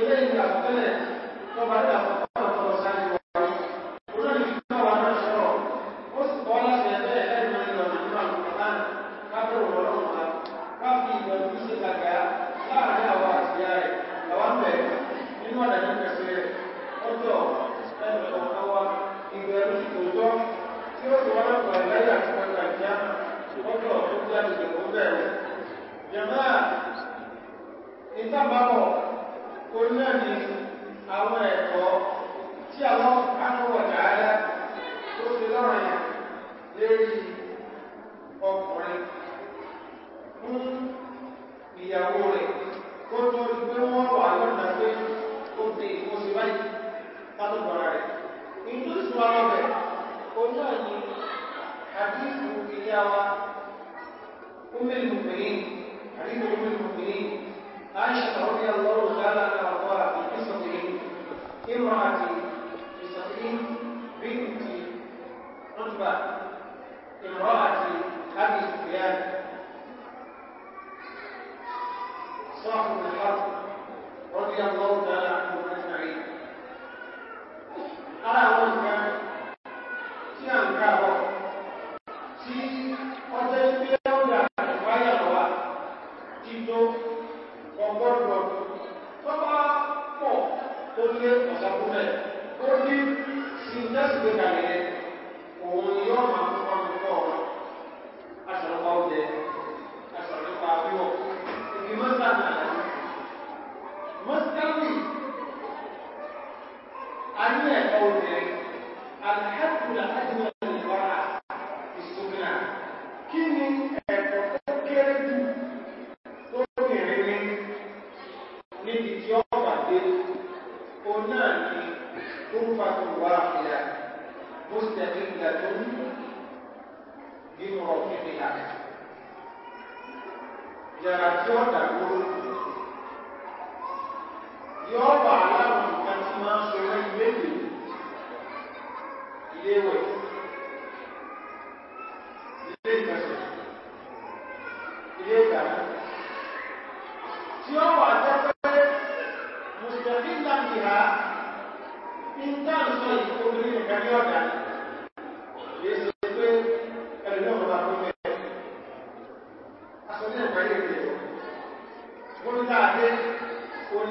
ilé ìgbà tẹ́lẹ̀ tó bá dà امرأة أبي سفيان صاحب الحرب رضي الله تعالى عنه أجمعين أرى وجهه tí a ń ká ọ tí ọjọ́ ìgbé ọ̀dà àtìwáyàwó wa ti tó ọgọ́rùn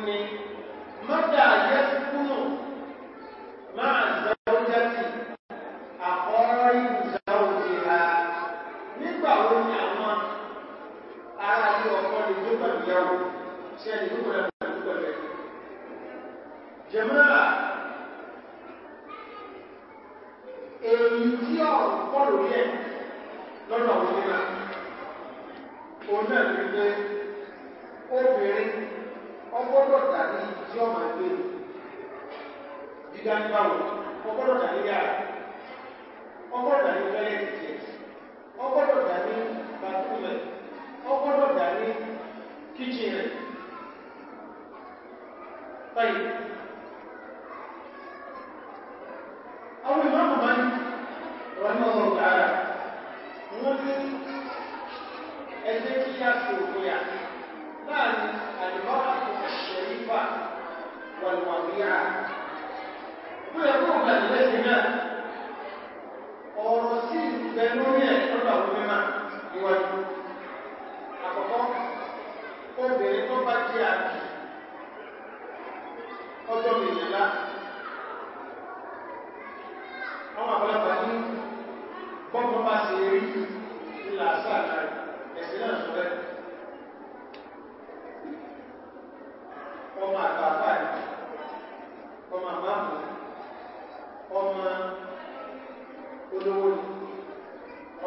ni mọ́dà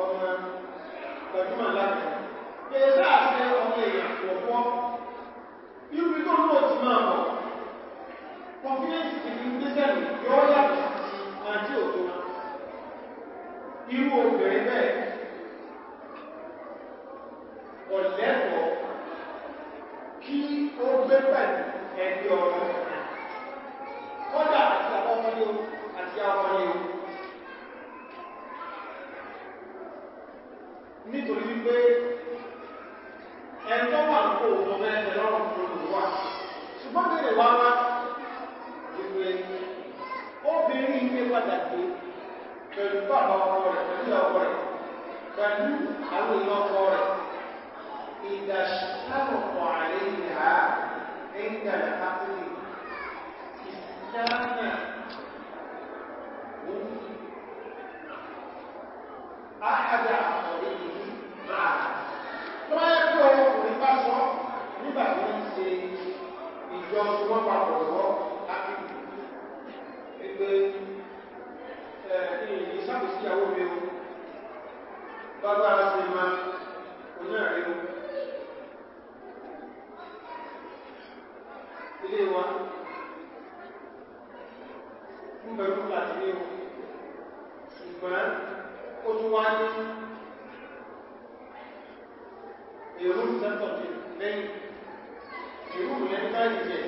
ọmọ gbajúmọ̀ láti pèsè àti ọmọ èèyàn pọ̀pọ̀ irúgbí tó lóò ti máa bọ̀ confidence ti fi gbésẹ̀lú yóò yàtọ̀ sí àti òtò irú obìnrin bẹ́ẹ̀ ọ̀lẹ́kọ̀ọ́ kí ó gbé pẹ̀lú ẹgbẹ́ ọ̀rọ̀ kọ́dà àti àwọn ọmọ yóò àti àwọn ọmọ yóò nítorí wípé ẹ̀tọ́ wà kó ọmọ ẹgbẹ̀ lọ́rọ̀ olùwà ṣùgbọ́n bèèrè wá wá ìwé obìnrin ilé pàtàkì pẹ̀lú bàbá ọkọ rẹ̀ pẹ̀lú ọkọ rẹ̀ pẹ̀lú àwọn èèyàn ọkọ rẹ̀ ìdàṣítàlùpọ̀ àlẹ́ ìhà ẹ̀yìn dàrẹ̀ jọ fi wọ́n papọ̀ lọ́wọ́ láti gbé ẹ̀ẹ́dín yìí sábòsí ìyàwó mi o lọ́dọ̀ ara sì máa oní ẹ̀rí o. Ilé wa ń bẹ̀rù láti ní o ṣùgbọ́n ó tún wá ní èrò ìsẹ́tọ̀ lẹ́yìn ìrú lẹ́yìn báyìí jẹ́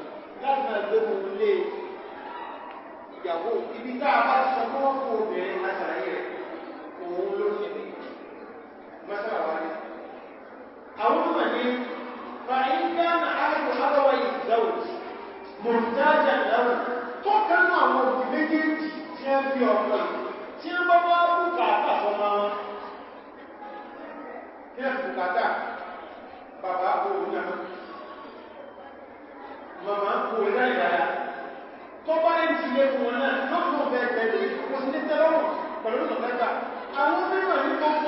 láti máa gbé mu lé ìyàwó ibi tá a bá ti sọ fún ọkọ obìnrin àṣàyẹ rẹ òun ló ṣe bí mọ́sára wa ni. àwọn ọmọ ní fàáyínká na àrùn àbáwá ìdáwò mọ̀tájà ìdáwò tó kánú àwọn òbí méjèèjì tí wọ́n fi ọ̀pọ̀ tí wọ́n bá bá bùkátà fọmọ wọn. kí ẹ̀ bùkátà bàbá òun náà màmá kò rí náà ìdára tó bá ní ti lé fún wọn náà lọ́pọ̀ bẹ̀ẹ̀bẹ̀ẹ̀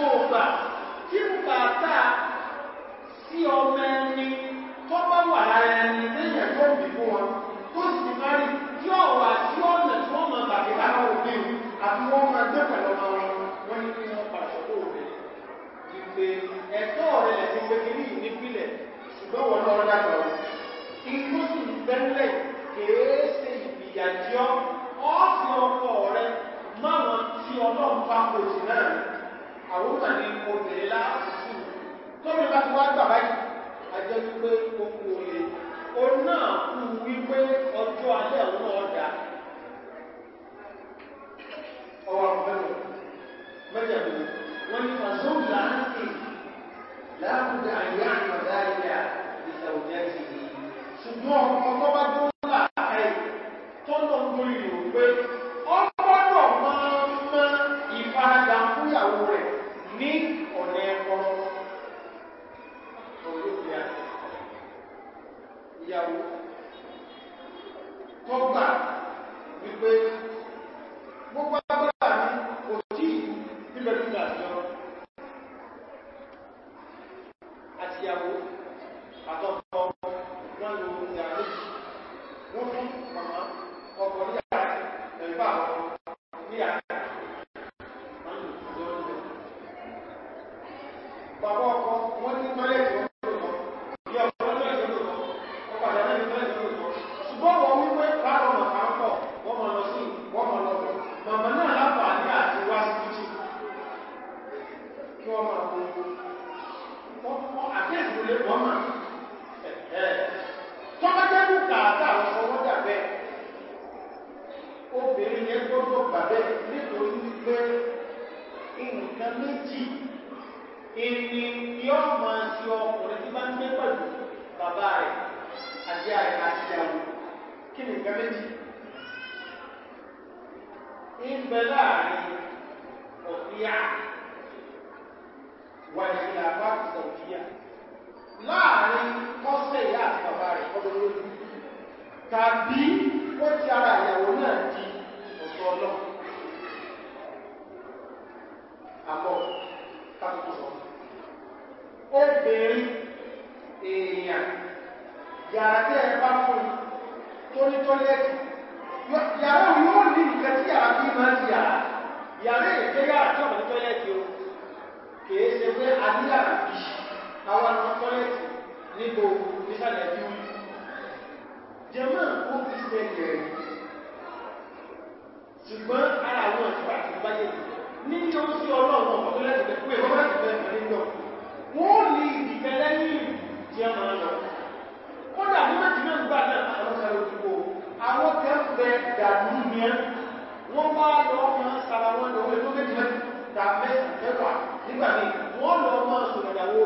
nígbà míì wọ́n lọ ọmọ sọ̀rọ̀ ìyàwó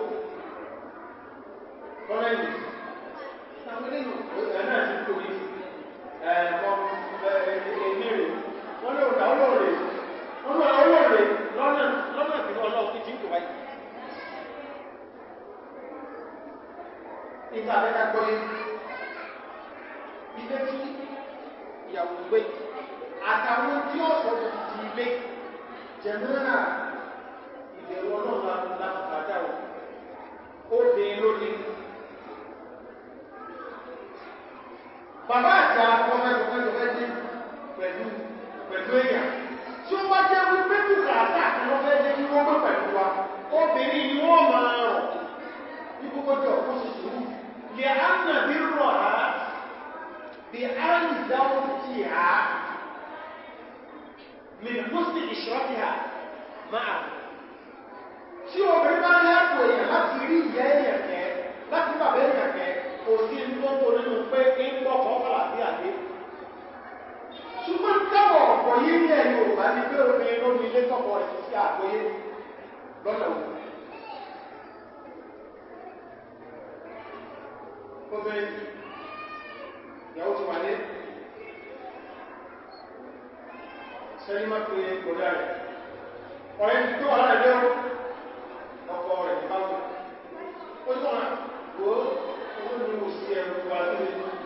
lọ́rẹ́ ìlú àwọn eléyìí òṣìṣẹ́ náà ti tóbi ẹ̀ẹ́dẹ̀ẹ́dẹ̀ẹ́dẹ̀ wọ́n lè rà olóòrè wọ́n lọ olóòrè lọ́nà lọ́nà ìpínlẹ̀ ọlọ́run ti ti ń kò wáyé. nípa abẹ́ká gbọ́yé ilé tí ìyàwó gbé àtàwọn tí ọ̀sọ̀ ti ti ilé jẹ̀mọ́nà ó dé lórí. Bàbá àta ọmọdé pẹ̀lú pẹ̀lú èèyàn. Tí ó bá jẹ́ wípé bùkà àtàkì wọ́n fẹ́ jẹ́ wíwọ́n pẹ́ pẹ̀lú wa, obìnrin ni wọ́n máa rọ̀ ní gbogbo jọ kó sì sùúrù. Lè á nà bí rọ̀ á, bí á ń dáwọ́ sí á, mi kó sì ìṣọ́ sí á máa. Tí obìnrin bá ń lẹ́rù àwọn èèyàn láti rí ìyẹ́ èèyàn kẹ́ láti bàbá èèyàn kẹ́ kò sí tó tó nínú pé ń pọ̀ kọ́ fàlàfíà dé ṣùgbọ́n táwọn ọ̀pọ̀ yìí ní ẹ̀yìn òbá ni pé omi lómi ilé tọ́pọ̀ ẹ̀sìn sí àgbóyé lọ́nà òun obìnrin ìyàwó ti wà ní sẹ́yìn má fi ọ̀rẹ́ ti tó wà láàrin 我包了，你包了。我讲了，我，我女武师也不管你。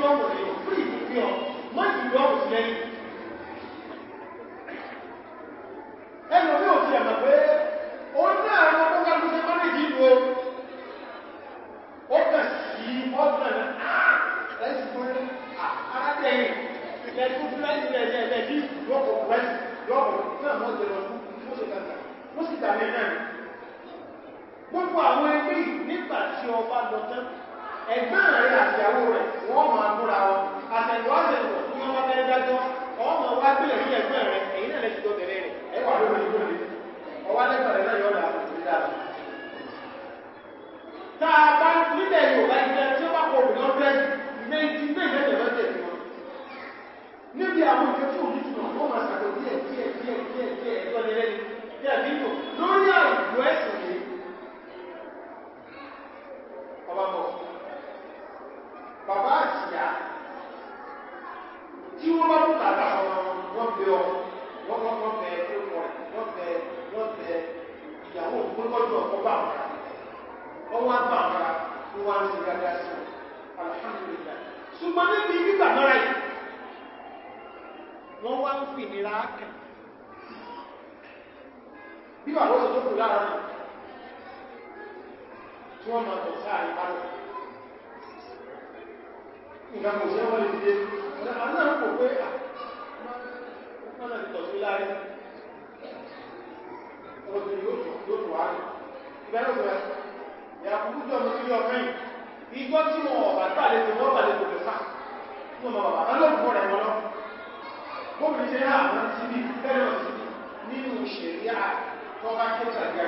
wrong with it. Please, you know, what's wrong ìgbẹ́rùn-ún ìyàkùnkùn ọmọ ilé ọ̀fẹ́ ìgbọ́ tí wọ́n ọ̀bà tààlẹ́kùn wọ́n tààlẹ́kùn lè sáà tí wọ́n bàbà alóòkùn rẹ̀ wọ́n lọ gómìnà jẹ́ àwọn tí bí fẹ́rẹ̀ sí nínú ṣẹ̀ríà tó bá ké tàbí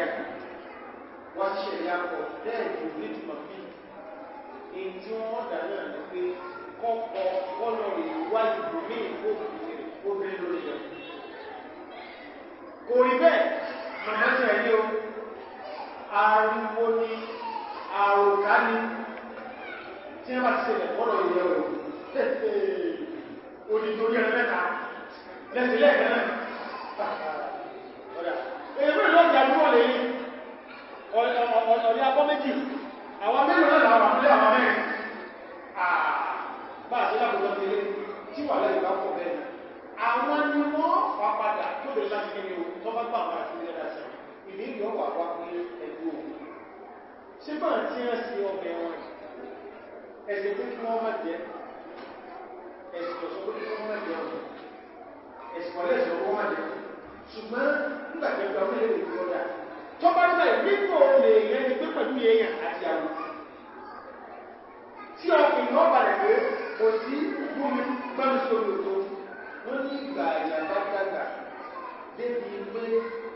wọ́n ti ṣẹ̀ríà pọ̀ bẹ́ẹ̀ tó ní túnmọ̀ bí i tí wọ́n dà náà ní pé kọ́kọ́ kọ́lọ̀ rẹ̀ wá ìlú ní ìkó obìnrin lórí rẹ̀ kò rí bẹ́ẹ̀ màmá jẹ́ ẹ̀yẹ́ o ariwo ni àròká ni tí wọ́n bá ti ṣẹlẹ̀ fọ́rọ̀ ìyẹ̀ o onítorí ẹ̀rọ mẹ́ta lẹ́sìn lẹ́ẹ̀kan náà èyí ló lọ́ọ̀dì àdúgbò lè ní ọ̀dọ̀ abọ́ méjì àwọn mẹ́rin náà làwọn àpúlẹ̀ àwọn mẹ́rin bá a ṣe lábùjọ ti lé tí wà lẹ́yìn bá pọ̀ bẹ́ẹ̀ àwọn ni wọ́n fà padà tó lè láti kí ni o tó bá gbà wọn àti ilẹ̀ dáṣẹ́ ìlú ìyọ́ wà wá pé ẹgbẹ́ òun ṣé bá ń tí ń sí ọbẹ̀ wọn ẹ̀sẹ̀ pé kí wọ́n má jẹ́ ẹ̀sìn ọ̀sọ̀ pé kí wọ́n má jẹ́ ọ̀sọ̀ ẹ̀sìn ọ̀lẹ́ ẹ̀sìn ọ̀wọ́ má jẹ́ ṣùgbọ́n nígbà tí ẹgbẹ́ ọmọ ìlú ìlú ọ̀dà tó bá ń báyìí nípò lè yẹn ni pé pẹ̀lú èèyàn àti àwọn tí ọkùnrin náà balẹ̀ pé kò sí gbómi gbámi sórí òtó wọ́n ní ìgbà ìyàbá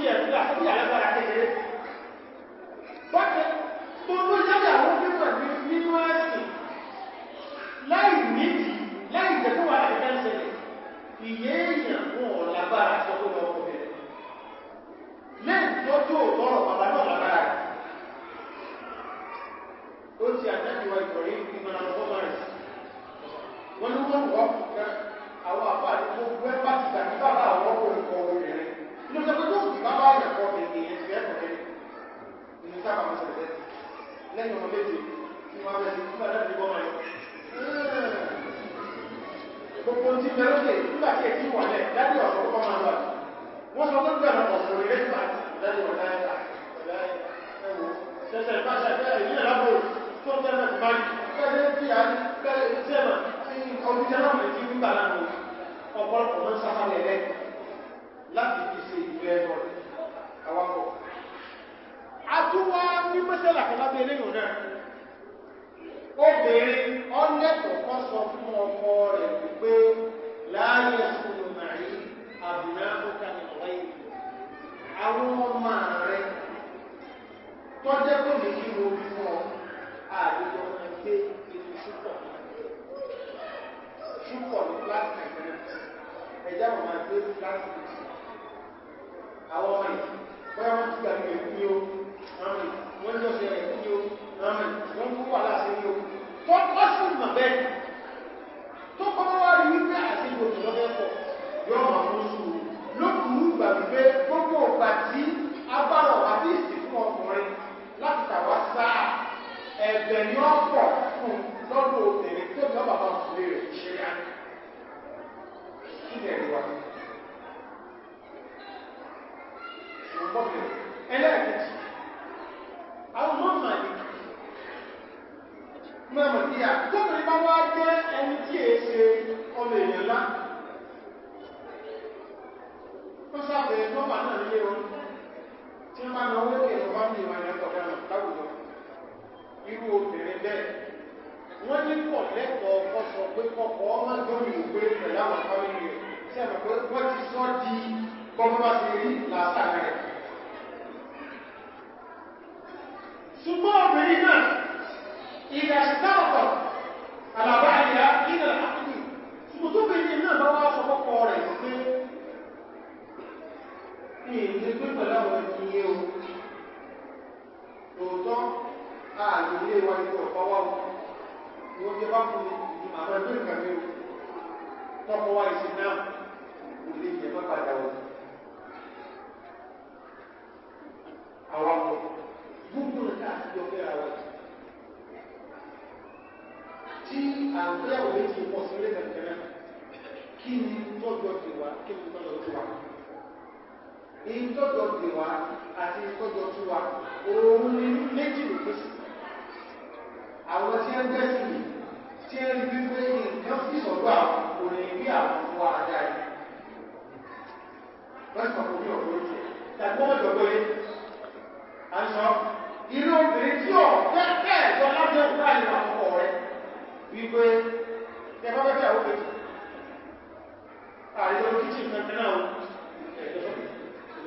不见，不见，不见，不见。àwọn ọmọ rẹ tọ́jẹ́ kò ní kí wo fún ọ àdúgbò rẹ pé ètò ṣúpọ̀ ṣúpọ̀ ní kíláàsì nàìjíríà ẹ̀já wọn máa gbé kíláàsì nàìjíríà àwọn ọmọ yìí bóyá wọn ti gbà mí èkú ni ó àmì wọn jọ sí ẹ̀kú ni ó àmì wọn kú wà láti ní o tó kọ́ sí ìmọ̀ bẹ́ẹ̀ tó kọ́ wá rí wípé àti ìgbòkè lọ́fẹ́ pọ̀ yọ àwọn oṣù ní ìgbà wípé gbogbo ìgbà tí a bá lọ àdíìsì fún ọkùnrin láti tàwa sáà ẹ̀bẹ̀ ni ó pọ̀ fún lọ́dọ̀ obìnrin tó ní ọba máa fún rẹ̀ ṣe rí àná kí ni ẹ̀rí wa ṣùgbọ́n ẹlẹ́ẹ̀kejì àwọn ọmọ màlì mọ̀mọ̀ bí i à tóbi bá wá jẹ́ ẹni tí èé ṣe ọmọ èèyàn láti kó sábẹ̀ nọ́mbà náà nílé wọn tí wọ́n bá na owó kèrè wọ́n ní ìwà ìyàtọ̀ dáná láwùjọ irú obìnrin bẹ́ẹ̀ wọ́n ní pọ̀ lẹ́kọ̀ọ́ kọ́ sọ pé kọ́kọ́ ọmọ lórí òwe pẹ̀lú àwọn fámìlì rẹ̀ tí a mọ̀ pé wọ́n ti sọ di bọ́mọ́bá ti rí làásàmì rẹ̀ ṣùgbọ́n obìnrin náà ìdá ìdáwọ̀tọ̀ àlàbáyà ìdá sọ kọ́kọ́ rẹ̀ ní ìdílé pé pẹ̀lú àwọn ẹ̀sìn yé o lóòótọ́ ààyè ilé wa ikú ọ̀pá wá o ni ó jẹ́ bá fún mi ìdí màmá ẹgbẹ́ nǹkan mi o tọ́kọ wa ìsìn náà kò lè jẹ́ má padà o. àwa kọ gbogbo nǹkan àti ọ̀fẹ́ ara wa tí àgbéyàwó méjì pọ̀ sí ilé kankan náà kí ni tọ́jú ọ̀sẹ̀ wa kí ni tọ́jú ọ̀sẹ̀ wa ìtọ́jọ dè wá àti ìtọ́jọ tú wa òun ni méjì ló pèsè àwọn tí ń gbẹ́sì yìí tí ń rí wípé nǹkan fi sọ̀rọ̀ àwọn òní bí àwọn fún àdá yìí lọ́sọ̀ kò ní ọ̀pọ̀ ojú tàbí wọ́n jọ pé aṣọ irú obìnrin tí ọ̀ kẹ́kẹ́ ẹ̀jọ́ lábẹ́ òkú àyè àkọ́kọ́ rẹ wípé ẹ bá bẹ́ẹ̀ bẹ́ẹ̀ ó pèsè àrídọ́ kíchìn kankan náà ẹ̀jọ́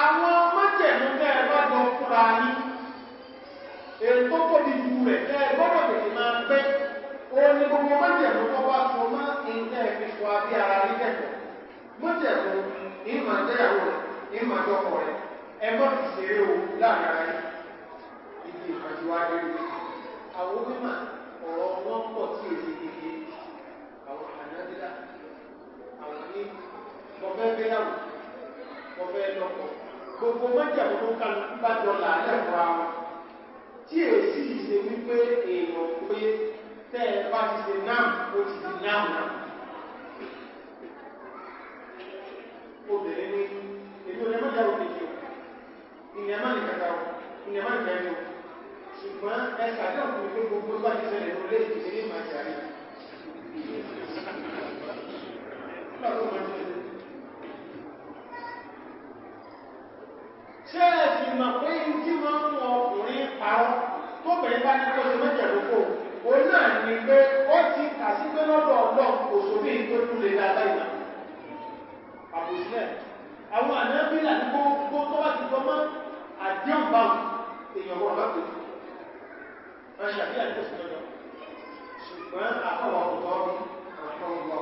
àwọn májẹ̀mú bẹ́ẹ̀ bá jọ fúnra ní èrò tó tóbi ju rẹ̀ bẹ́ẹ̀ gbọ́dọ̀ tètè máa pẹ́ ó ní gbogbo májẹ̀mú tó bá so mọ́ nǹkan ìfisọ abẹ́ ara rí kẹ̀kọ́ májẹ̀mú ìmọ̀ àjẹyàwó rẹ̀ ìmọ̀ àjọkọ̀ rẹ̀ ẹ má fi o láàrin ara yìí ìdí ìfàjọwádé rẹ̀ àwọn mímọ̀ ọ̀rọ̀ wọn pọ̀ sí èsì kékeré àwọn ànábílà àwọn ní mo fẹ́ gbéyàwó gbogbo mọ́jàmú ló kà ń bá jọ làálẹ̀ fúnra wọn tí èsì ṣe wípé èèyàn pé tẹ́ ẹ bá ti ṣe náà ó ti di náà náà. obìnrin ní èmi ò lè mọ́jàmú kejì o ìyẹn má ní kàkà o ìyẹn o ṣùgbọ́n ẹ ṣàdéhùn fún mi pé gbogbo Thank you. ṣé ẹ̀sì mọ̀ pé in tí wọ́n ń wọ ọkùnrin parọ́ tó bẹ̀rẹ̀ bá ní kó ṣe mẹ́jẹ̀ lóko o náà ní pé ó ti kà sí pé lọ́dọ̀ ọlọ́run kò sóbí tó tún lè dáadáa ìlà àbòsílẹ̀ àwọn ànábìlà ní gbogbo tó bá ti gbọmọ́ àdéhùn báwọn èèyàn wọn bá pè é ṣàfihàn ní oṣù lọ́dọ̀ ṣùgbọ́n àkọ́wọ̀ ọ̀tọ̀ ọ̀tọ̀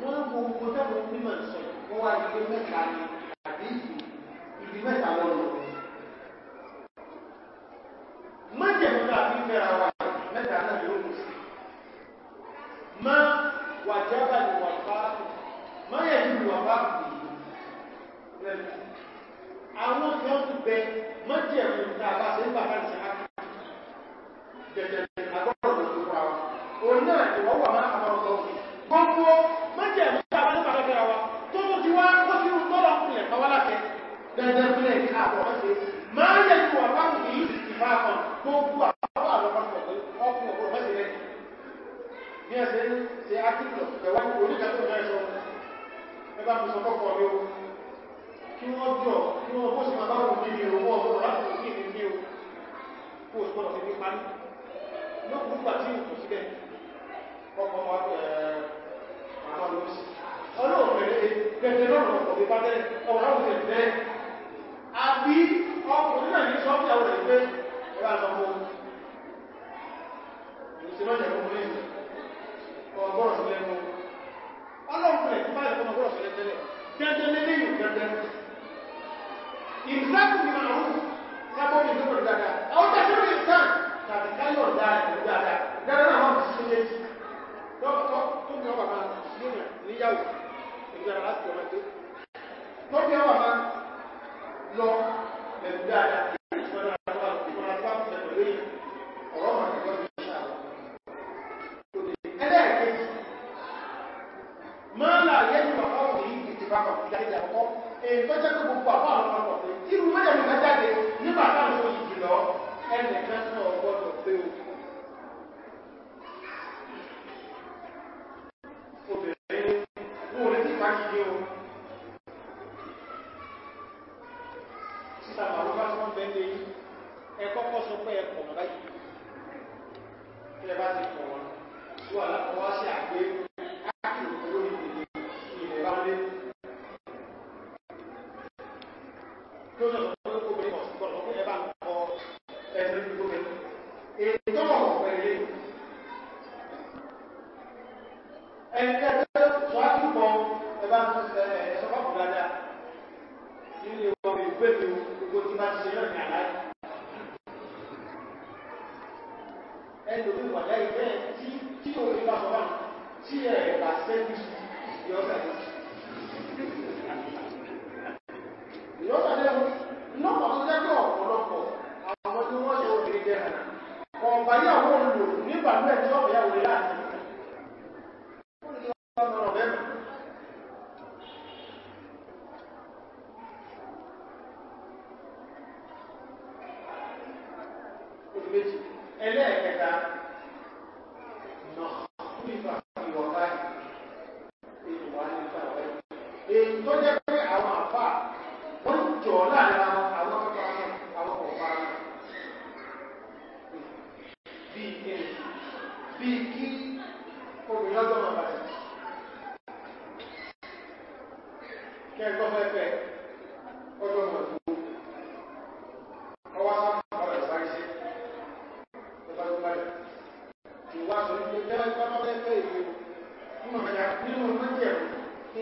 wọn gbogbo tẹ́lẹ̀ mímọ̀ sọ̀rọ̀ wọ́n wá ní pé mẹ́ta ni àdéhùn ibi mẹ́ta lọ́nà. Májẹ̀mú náà fi fẹ́ra wa mẹ́ta náà yóò kù sí. Má wàjábà ní wàfá, má yẹ̀ ní wàfá kù yìí. Àwọn kan bẹ májẹ̀mú náà bá ṣe ń bàbá ṣe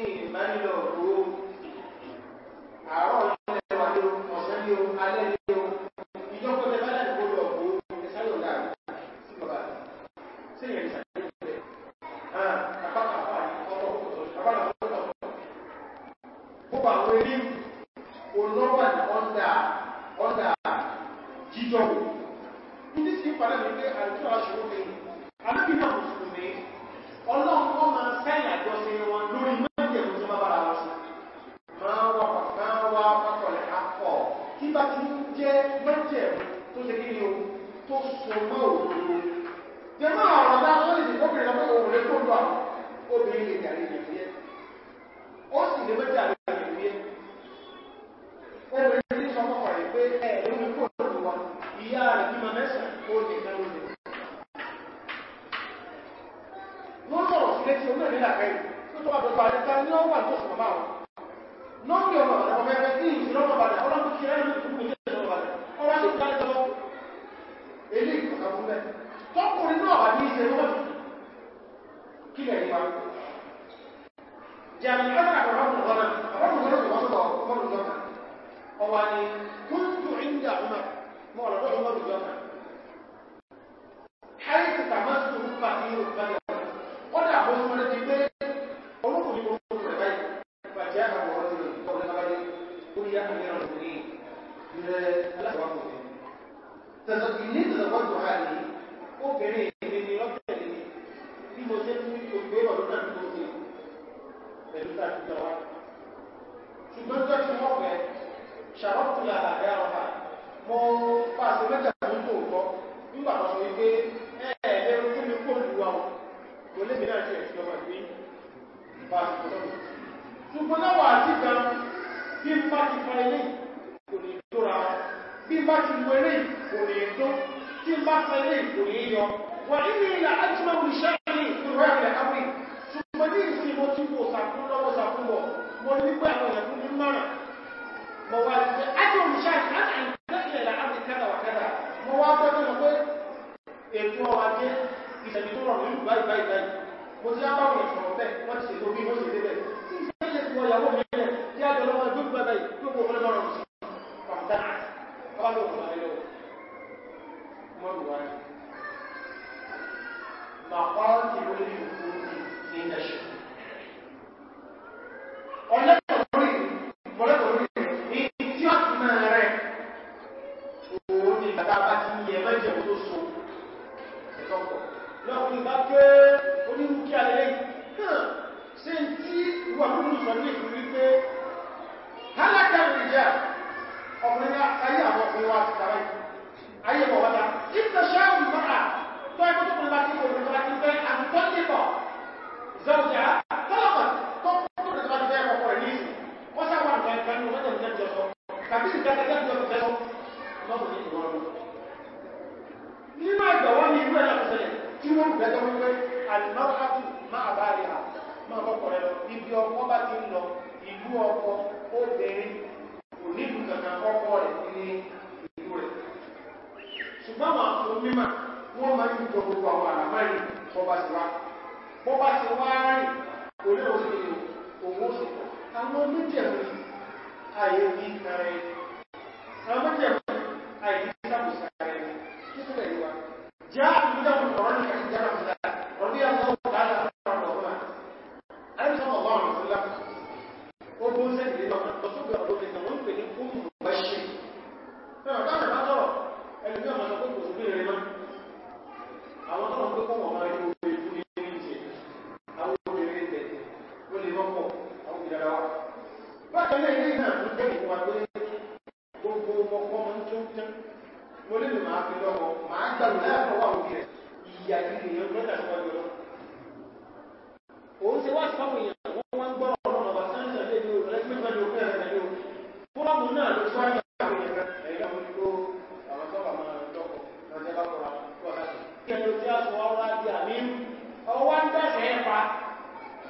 Emmanuel who تتجنبنا برضو عقل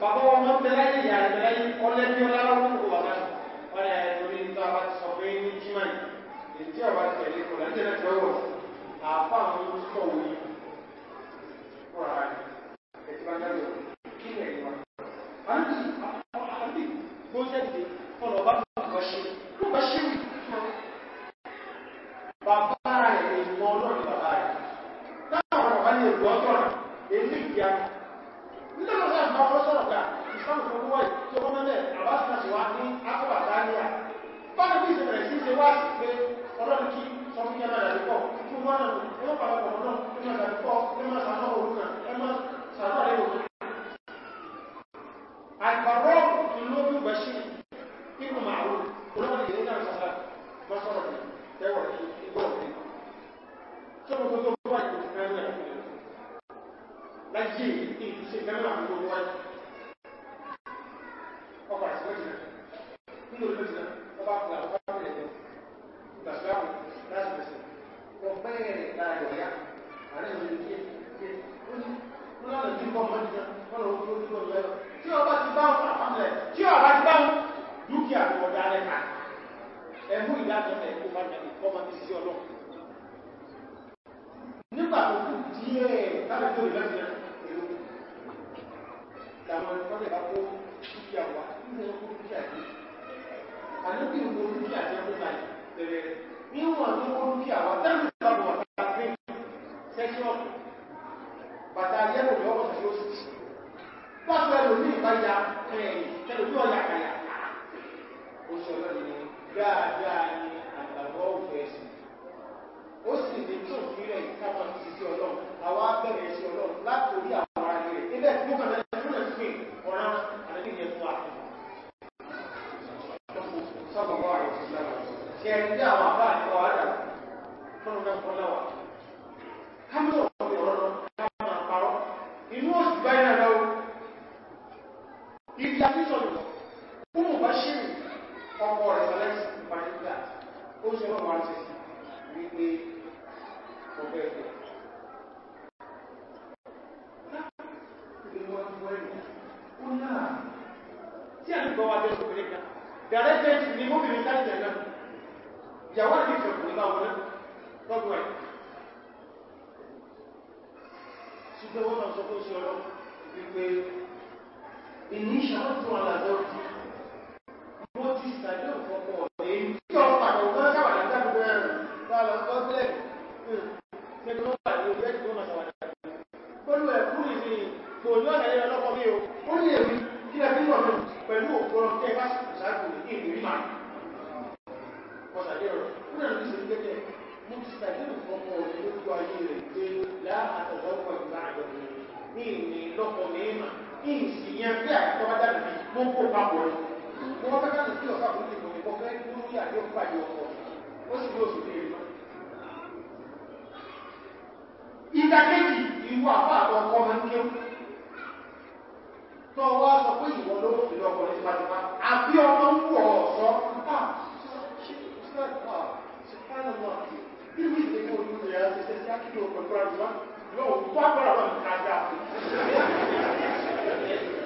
bàbá wọn máa ń bẹ láyé ìyá rẹ̀ láyé ọlẹ́bí ọlọ́rọ̀ kúrò wà náà wọ́n yà lórí ní bá ti sọ pé ní jimá ètí ọba ti tẹ̀lé kọ̀ lẹ́jẹ̀ náà ti ọwọ́ àfa àwọn tó sọ wò yìí wọ́n rà ní ẹ̀tí bá dájọ́ kí ni ẹ̀yìn ah, ah, ah, wa. àǹtí àbí gbọ́sẹ̀dì ọ̀nà ọba tó kọ̀ ṣe ló bá ṣe wì. bàbá rẹ̀ ìmọ̀ ọlọ́run bàbá rẹ̀ táwọn ọ̀rọ̀ bá ní ègbò ọ̀tọ̀ rẹ̀ èyí ìyá wá sí pé ọlọ́run kí ọdún yẹn máa dàbíkọ́ kí wọ́n náà ẹ máa pàlọ́pọ̀ ọlọ́run ẹ máa dàbíkọ́ ẹ máa sàánà òrukàn ẹ máa sàánà rẹ̀ òkè àgbàrọ̀ ìlóbi bàṣí inú màálù olóòrùn ìdílé náà sàlá lọ́sọ̀rọ̀ rẹ̀ ẹwọ̀ rẹ̀ ìgbọ̀ rẹ̀ tó gbogbo tó wà ní ìfẹ́ rẹ̀ láyé ìṣe gánà àwọn wáyé ọkọ̀ àti mẹ́jìlá nínú ìlú ìlú ọba àpùlà ọba mẹ́rin la yọ̀yá àrẹ ìlú díẹ̀ díẹ̀ ó tí kọ́ mọ́ nìkan wọ́n lọ ẹ̀rọ tí ọba bá kó bá nàbí kọ́ máa fi sí ọlọ́ nígbà tó kù díẹ̀ láti tó ìlọ́sìn náà èrò làwọn ẹ̀kọ́ lè bá kó dúkìá wa nínú ẹ̀kọ́ dúkìá yìí àlébìnrin wo dúkìá jẹ́ mú èèyàn bí àti tọ́ba dàbí bí wọ́n kó papọ̀ rẹ̀ mo wọ́n fẹ́ẹ́ kí ọ̀sán àbúrò nìkan mi kọ́ fẹ́ kúrú ní àdé òkú àdé ọkọ̀ ó sì ní oṣù tó yẹ lọ. ìdàkejì ìwọ àbá àtọ ọkọ máa ń kéwù tọ́ wá sọ pé ìwọ ló fi lọ ọkọ̀ ní tipátipá àbí ọmọ ń wọ̀ ọ̀sọ́ nípa Ibi ìdíje olùdíje àti ṣẹṣẹ akíndé ọkọ̀ ìgbàlódé wa yóò wá gbọ́dọ̀ wọn kájà.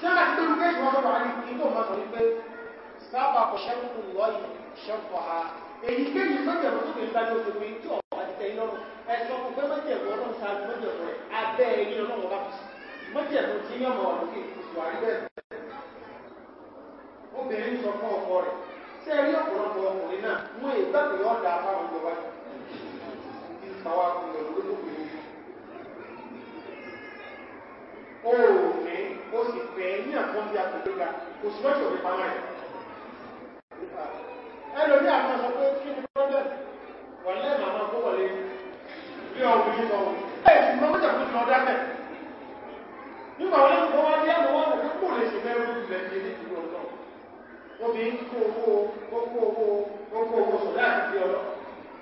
tí a ti gbẹ́rù méjì wọ́n sọ́rọ̀ àní ìtò mọ́ sọ wípé sábà kò ṣẹ́kù lọ́yìn ṣẹ́kù ha èyí kéyì mẹ́jẹ̀rọ tó kèé dájú òṣèlú tí ọ̀pọ̀ àti tẹ̀yìn lọ́rùn ẹ̀sọ́ kò fẹ́ mẹ́jẹ̀rọ ọlọ́run sáájú mẹ́jẹ̀rọ rẹ̀ abẹ́ ẹ̀yìn ọlọ́run bá fi mẹ́jẹ̀rọ tí yàn mọ̀ lókè oṣù àríwẹ̀ obìnrin sọ fún ọkọ rẹ̀ ṣé ẹ rí ọ̀pọ̀lọpọ̀ ọkùnrin náà wọ́n ó sì pẹ̀ ní àkọ́bí àpògbéga kò sí mọ́tò ní pamọ́ ẹ̀ ẹlòmí àwọn sọ pé kí ni pọ́ńdẹ̀ wọ́n lẹ́nu àwọn kó wọlé bí ọkùnrin sọ wọn ẹ̀ sì mọ́ mọ́tò fún ọdá mẹ́ nígbà wọn lẹ́nu kó wá ní àwọn wọn kò kó lè ṣe mẹ́rin ojú lẹ́nu ní ìlú ọ̀tọ̀ omi kó owó kó owó kó owó sọ̀dá àti ọlọ́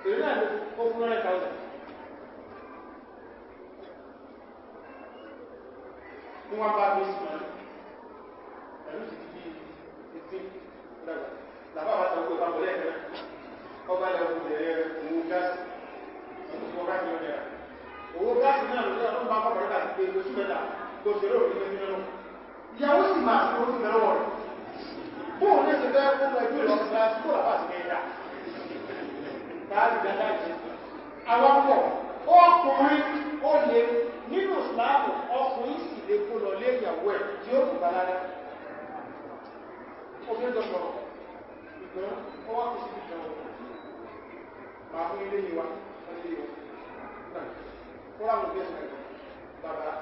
èyí náà ló kó fún 9,000 kó wọ́n bá mi sí wọn ẹ̀rú sì ti di etí lọ́wọ́ làbá wa sọ pé pàmò lẹ́ẹ̀kan ọba lọ kó bẹ̀rẹ̀ owó gáàsì ọdún tó gáàsì lọ́dẹ̀ rà owó gáàsì náà lọ́dẹ̀ tó ń bá pàmò lẹ́ẹ̀kan pé oṣù mẹ́ta kò sí lóòrùn ní ẹgbẹ́ náà ìyàwó sì máa sí oṣù mẹ́rọ wọ̀ bóun ní ṣe fẹ́ kó mọ ẹgbẹ́ lọ sí láti kó làbá sí mẹ́ta láti dáadáa jẹ àwọn pọ̀ ọkùnrin ó lè nínú ìsìláàmù ọkùnrin lè kó lọ lé ìyàwó ẹ̀ tí ó kù balára obìnrin tó sọ̀rọ̀ ìgbọ́n ó wá kù síbi kan máa mú ilé yìí wá wọ́n lé wọn kó láwọn òbí ẹ̀sìn bàbá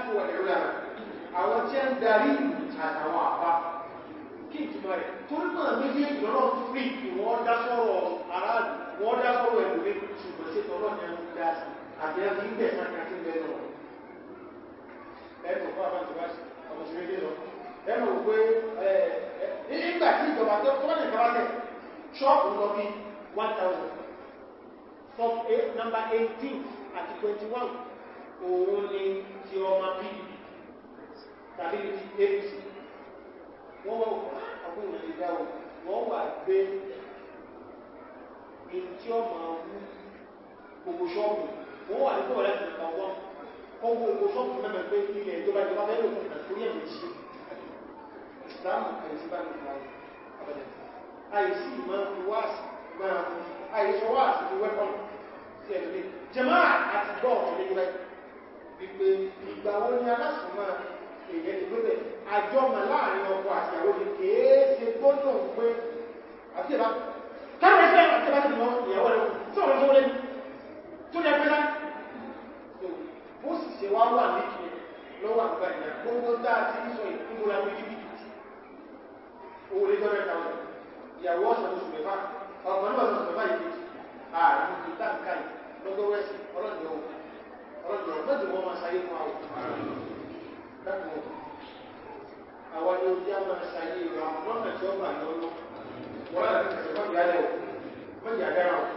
السادات والعلماء àwọn tí a ń darí àtàwọn àpá kí ìtumọ̀ rẹ̀ torí náà méjì ìrọ̀lọ́ fíì kí wọ́n dásọ́rọ̀ aráàlú wọ́n dásọ́rọ̀ ẹ̀lúwé ṣùgbọ́n sí tọ́lọ́ ni a ń dá sí àti ẹ̀kí ń bẹ̀ sáàkà sí lẹ́nu ẹ̀kùn fún àbájúwáṣì ọmọ sí méjì lọ ẹnu pé nígbà tí ìjọba tó tọ́ ní kàwákẹ̀ ṣọ́ọ̀pù lọ bí 1000 from number 18 àti 21 òun ni ti ọmọ pdp tàbí ti apc wọ́n wọ́n ọgbọ́n ìrìn àti dáwọ̀ wọ́n wà gbé ní tí ọmọ ọ̀hún gbogbo ṣọ́ọ̀bù wọ́n wà nígbà wọ́n láti nípa ọgbọ́n kọ́wọ́ gbogbo ṣọ́ọ̀bù mẹ́mẹ́ pé ilẹ̀ ìjọba ìjọba fẹ́ lòkùn àtúnyẹ̀ méjì ìsìláàmù àìsí bá ní ìlànà abẹ́lẹ̀ àìsí ìmọ̀ ìwáàsì máa àìsọwáàsì ìwẹ́kọ̀ọ́ sí ẹ̀lẹ́ jẹ́máà àti gbọ́ọ̀ wípé ìgbà wo alásùnmọ́ èyẹ ti gbébẹ̀ àjọmọ̀ láàrin ọkọ àti àwọn òní kéèké pé àti ìbá káàkiri ti mọ ìyàwó rẹ̀ tí òun tó ààrùn ìtàǹkà lọ́gọ́wẹ́sì ọlọ́dẹ̀ ọ̀hún ọjọ́ mọ́jọ wọn máa ṣayé fún àwọn dákùn àwọn ni ó jẹ́ máa ṣayé wa lọ́nà tí ó bà lọ́nà wọ́n láti ṣẹ̀ṣẹ̀ mọ́jọ alẹ́ ò mọ́jọ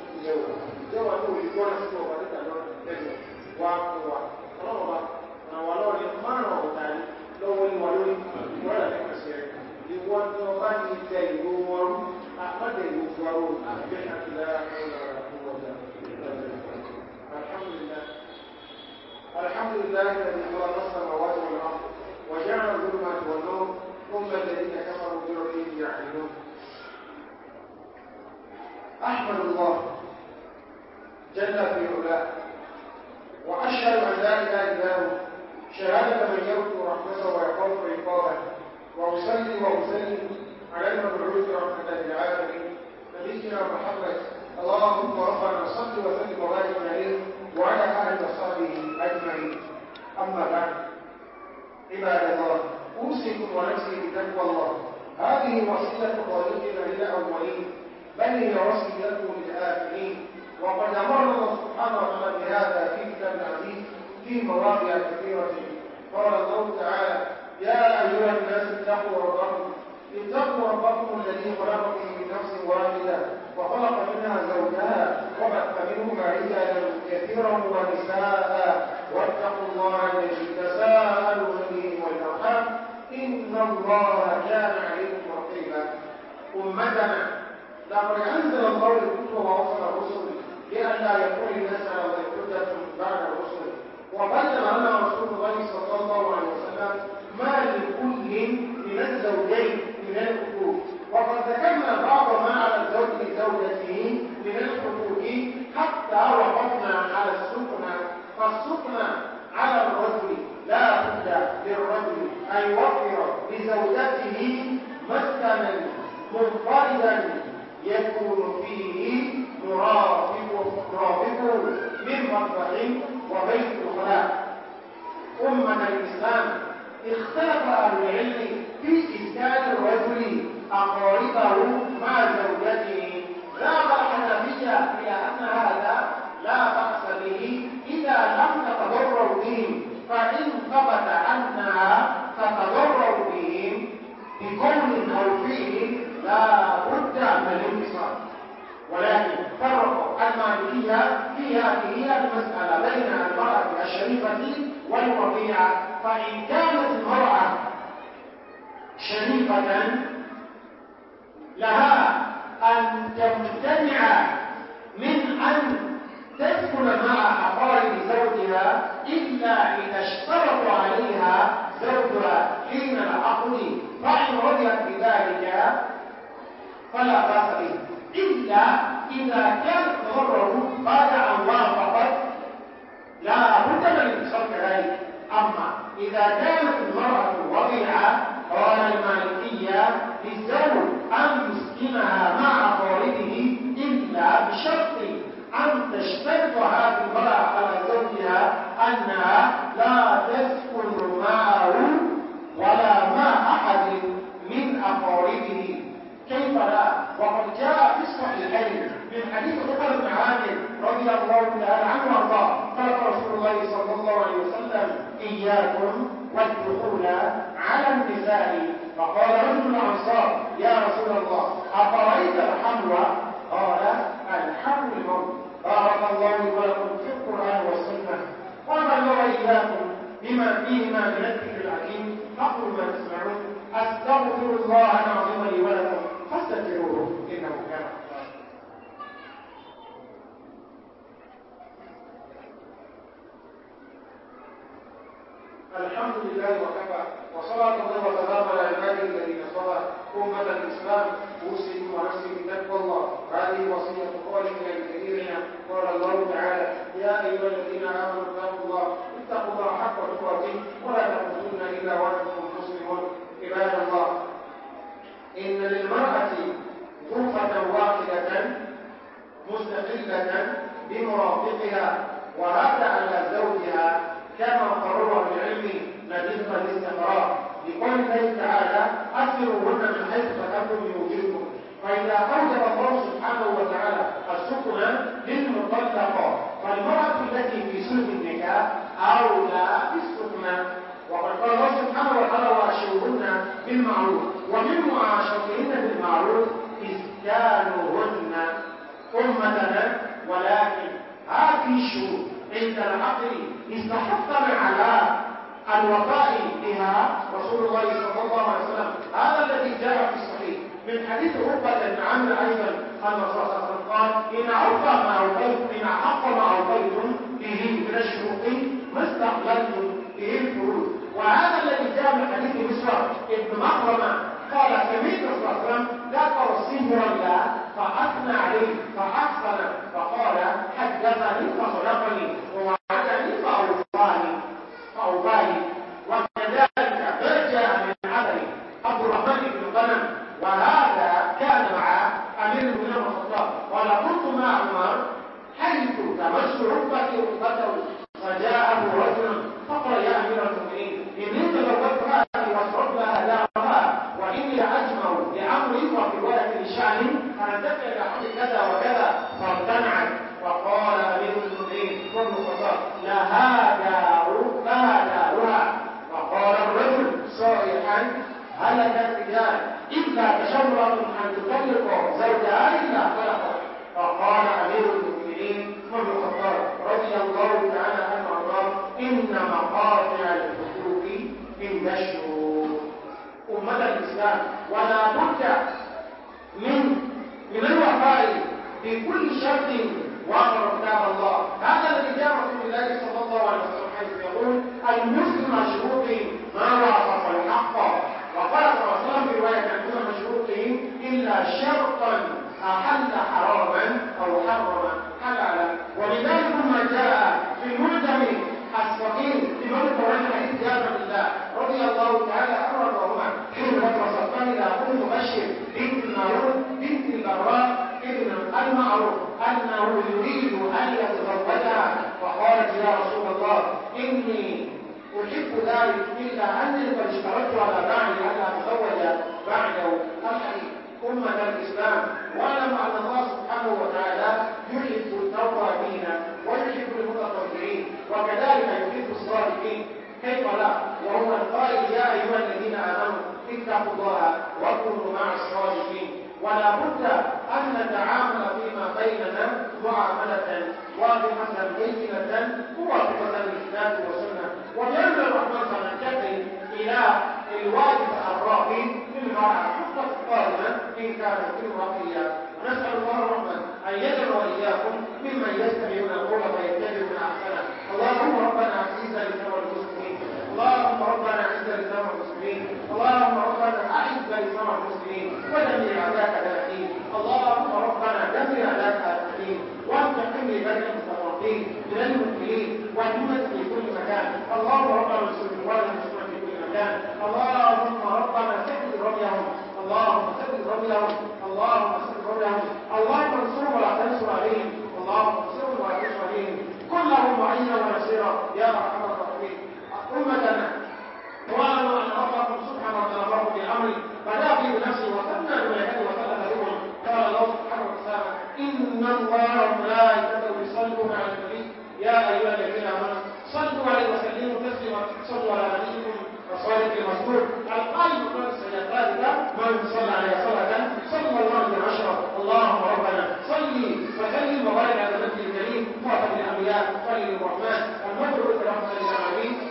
yẹ̀wò yẹ̀wò ní òye wọ́n sí ọba títà lẹ́nu wà fún wa ọlọ́ọ̀bá àwọn alọ́rin márùn-ún ọ̀tà ní lọ́wọ́ ní wọn lórí ìwọ́n rẹ̀ lẹ́kọ̀ọ́ sí rẹ̀ ìwọ ni ọba ní ilẹ̀ ìlú wọn rú apádẹ̀ ìlú fuwaró àgbẹ̀ àtìlára الحمد لله الذي خلق السماوات والارض وجعل الظلمات والنور ثم الذين كفروا بربهم يعلمون أحمد الله جل في علاه وأشهد أن لا إله إلا هو شهادة من يرجو رحمته ويخاف عقابه وأصلي وأسلم على المبعوث رحمة للعالمين نبينا محمد اللهم ربنا صل وسلم وبارك عليه وعلى آله وصحبه أجمعين أما بعد عباد الله أوصيكم ونفسي بتقوى الله هذه وصية طريقنا إلى أولين بل هي وصية للآخرين وقد أمرنا سبحانه وتعالى بهذا في كتاب العزيز في مواضع كثيرة قال الله تعالى يا أيها الناس اتقوا ربكم اتقوا ربكم الذي خلقكم من نفس واحدة وخلق منها زوجها وبث منهما رجالا كثيرا ونساء واتقوا الله الذي تساءلون به والأرحام إن الله كان عليكم رقيبا أمتنا لقد أنزل الله الكتب ووصل الرسل لئلا يكون النسل مؤدة بعد الرسل وبلغ لنا رسول الله صلى الله عليه وسلم ما لكل من الزوجين من الحقوق وقد ذكرنا بعض ما على الزوج لزوجته من الحقوق حتى وقفنا على السكنة فالسكنة على الرجل لا بد للرجل أن يوفر لزوجته مسكنا منفردا يكون فيه نرافق نرافقه من مرفعين وبيت الخلاء أمنا الإسلام اختلف أهل العلم في إسكان الرجل أقاربه مع زوجته لا بأس بها إلى أن هذا لا بأس به إذا لم تتضرر به فإن ثبت أنها تتضرر الرقيق والوضيع فإن كانت المرأة شريفة لها أن تمتنع من أن تدخل مع أقارب زوجها إلا إذا اشترط عليها زوجها حين العقد فإن رضيت بذلك فلا بأس به إلا إذا كانت مره بعد أن وافقت لا العمل ذلك أما إذا كانت المرأة وضيعة قال المالكية للزوج أن يسكنها مع طالبه إلا بشرط أن تشترط هذه المرأة على زوجها أنها لا تسكن معه ولا مع أحد من أقاربه كيف لا؟ وقد جاء في الصحيحين من حديث عمر بن عامر رضي الله تعالى عنه وارضاه ترك رسول الله صلى الله عليه وسلم اياكم والدخول على النساء فقال رجل الانصار يا رسول الله افريت الحمر قال الحمر الموت بارك الله لي ولكم في القران والسنه نرى اياكم بما فيهما من الذكر العليم، فقل ما تسمعون استغفر الله العظيم لي ولكم فاستغفروه انه كان الحمد لله وكفى وصلاة الله وسلام على عباده الذين صلى أمة الإسلام أوصيكم ونفسي بتقوى الله هذه وصية خالقنا كثيرنا قال الله تعالى يا أيها الذين آمنوا اتقوا الله اتقوا الله حق تقاته ولا تموتن إلا وأنتم مسلمون عباد الله إن للمرأة غرفة واحدة مستقلة بمرافقها وهذا على زوجها كما قرر بعلمه لذيذ الاستمرار لقول الله تعالى أكثرهن من حيث فكرتم يوجدكم فإذا أوجب الله سبحانه وتعالى السكن للمطلقة فالمرأة التي في سلم النكاح أولى بالسكنى وقد قال الله سبحانه وتعالى وأشرهن بالمعروف ومن معاشرهن بالمعروف إسكانهن أمتنا ولكن هذه الشروط عند العقل استحق على الوفاء بها رسول الله صلى الله عليه وسلم هذا الذي جاء في الصحيح من حديث عقبة عن أيضا أن الرسول صلى الله عليه وسلم قال إن عقى ما عقيت إن حق ما عقيتم به من الشروق ما استقبلتم به الفروض وهذا الذي جاء من حديث مسرى ابن مكرمه قال سمعت رسول الله صلى الله عليه وسلم لا ترسيه ولا فأثنى عليه فأحسن فقال حدثني فصدقني ووعدني فأوفاني ao vale أوقاتنا للخشوع من الشروق أمة الإسلام ولا بد من من الوفاء بكل شرط وامر كتاب الله هذا الذي جاء رسول الله صلى الله عليه وسلم حيث يقول المسلم مشروطي ما وافق الحق وقال صلى الله عليه وسلم في روايه المسلم مشروط الا شرطا احل حراما او حرم حلالا ولذلك ما جاء في ملزم الصغير لمن قرن حديث جابر الله رضي الله تعالى عنه وارضاهما حين ذكر صفان الى ابو مبشر انه بنت البراء ابن المعروف انه يريد ان يتزوجها فقالت يا رسول الله اني احب ذلك الا أنني قد اشترطت على بعدي ان اتزوج بعده اخي امه الاسلام واعلم ان الله سبحانه وتعالى طلاق وهو القائل يا أيها الذين آمنوا اتقوا الله وكونوا مع الصالحين ولا بد أن نتعامل فيما بيننا معاملة واضحة بينة موافقة للكتاب والسنة ولأن الرحمن سننتقل إلى الواجب الراقي للمرأة تطلق قائمة إن كانت امرأة نسأل الله ربنا أن يجعل وإياكم ممن يستمعون القول ويتبعون أحسنه اللهم ربنا عزيزا لنا والمسلمين اللهم ربنا اعز الاسلام والمسلمين اللهم ربنا اعز الاسلام والمسلمين ودمر اعداءك على اللهم ربنا دمر اعداءك على الدين واستقم لبلد المتفرقين من المسلمين والجنة في كل مكان اللهم ربنا انصر اخواننا المسلمين في كل مكان اللهم ربنا سدد رميهم اللهم سدد رميهم اللهم سدد رميهم اللهم انصرهم ولا تنصر عليهم اللهم انصرهم ولا تنصر عليهم كلهم معينا ونصيرا يا رحمة الرحيم ثم معك واعلم أن سبحانه وتعالى أمره بأمري بدأ في نفسه وثنى بملائكته وثلث بهم قال الله سبحانه وتعالى إن الله وملائكته يصلون على النبي يا أيها الذين آمنوا صلوا عليه وسلموا تسليما صلوا على نبيكم وصالح المسلول القائل من ذلك من صلى عليه صلاة صلى الله عليه وسلم اللهم ربنا صلي وسلم وبارك على نبي الكريم وعلى الأنبياء وعلى الرحمن المدعو الرحمن العالمين